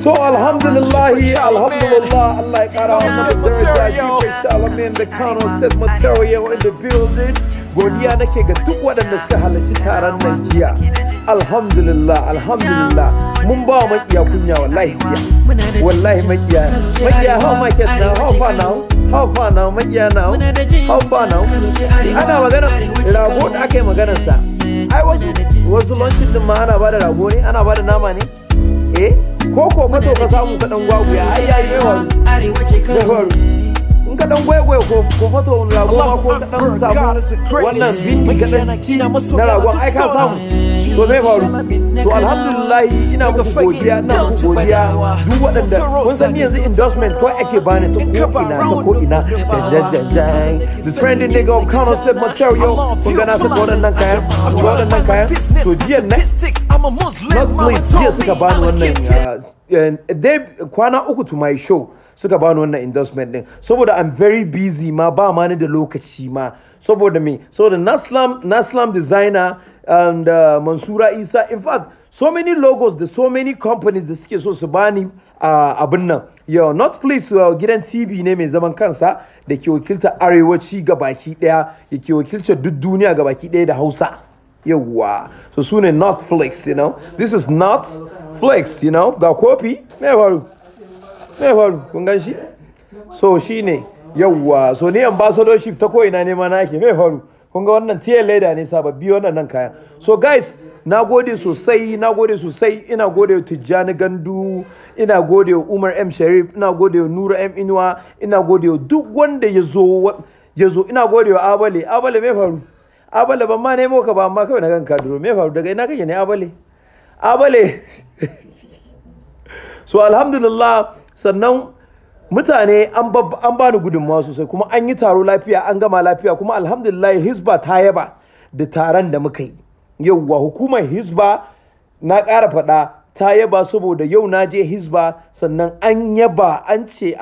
So alhamdulillah, alhamdulillah, Allah kara wa man the Kano State Material in the building. Godiya ke ga duk waɗanda suka halarci taron nan jiya. Alhamdulillah, alhamdulillah. Mun ba makiya kunya wallahi jiya. Wallahi makiya. Makiya how much now? How far now? How far now? Makiya now? How far now? Ana magana rago da aka yi sa. Ai wasu wasu lancin din ma ana ba da rago ne? Ana ba da nama ne? Eh? ko ko mato ka samu ka dan gwaguya ai yayi mai ka dan gwaigwai ko ko fato rago ko ka dan samu wannan zinni ka dan na rago ai ka samu to zai faru to alhamdulillah ina muku godiya ina muku godiya duk waɗanda kun san yanzu endorsement ko ake bani ta ko ina da ko ina the trending nigga of counter said material kun ga na saka waɗannan kayan waɗannan kayan to jiya na not please jiya suka bani wannan uh, uh, kwana uku to my show suka bani wannan endorsement din saboda I'm very busy ma ba ma ni da lokaci ma saboda me saboda Naslam Naslam designer and uh, Mansura Isa in fact so many logos da so many companies da suke so su bani uh, abin nan yo not please uh, gidan tv ne mai zaman kansa da ke wakilta arewaci ga baki daya ya ke wakilta duk duniya ga baki daya da hausa yawa so su ne not flex you know this is not flex you know ga kofi me faru me faru kun gan shi so shi ne yawwa so ni ambassadorship ta ko ina ne ma na ake me faru kun ga wannan tiyar leda ne sababbi wannan nan kaya so guys na gode sosai na gode sosai ina gode wa tijjani gandu ina gode wa umar m sharif ina gode wa nura m inuwa ina gode wa duk wanda ya zo ya zo ina gode wa abale abale me faru abale ban ma nemo ka ba amma kawai na gan kaduro me faru daga ina kake ne abale abale so alhamdulillah sannan mutane an bani gudunmawa sosai kuma an yi taro lafiya an gama lafiya kuma alhamdulillah hisba ta yaba da taron da muka yi yauwa hukumar hisba na kara faɗa ta yaba saboda yau na je hisba sannan an yaba an ce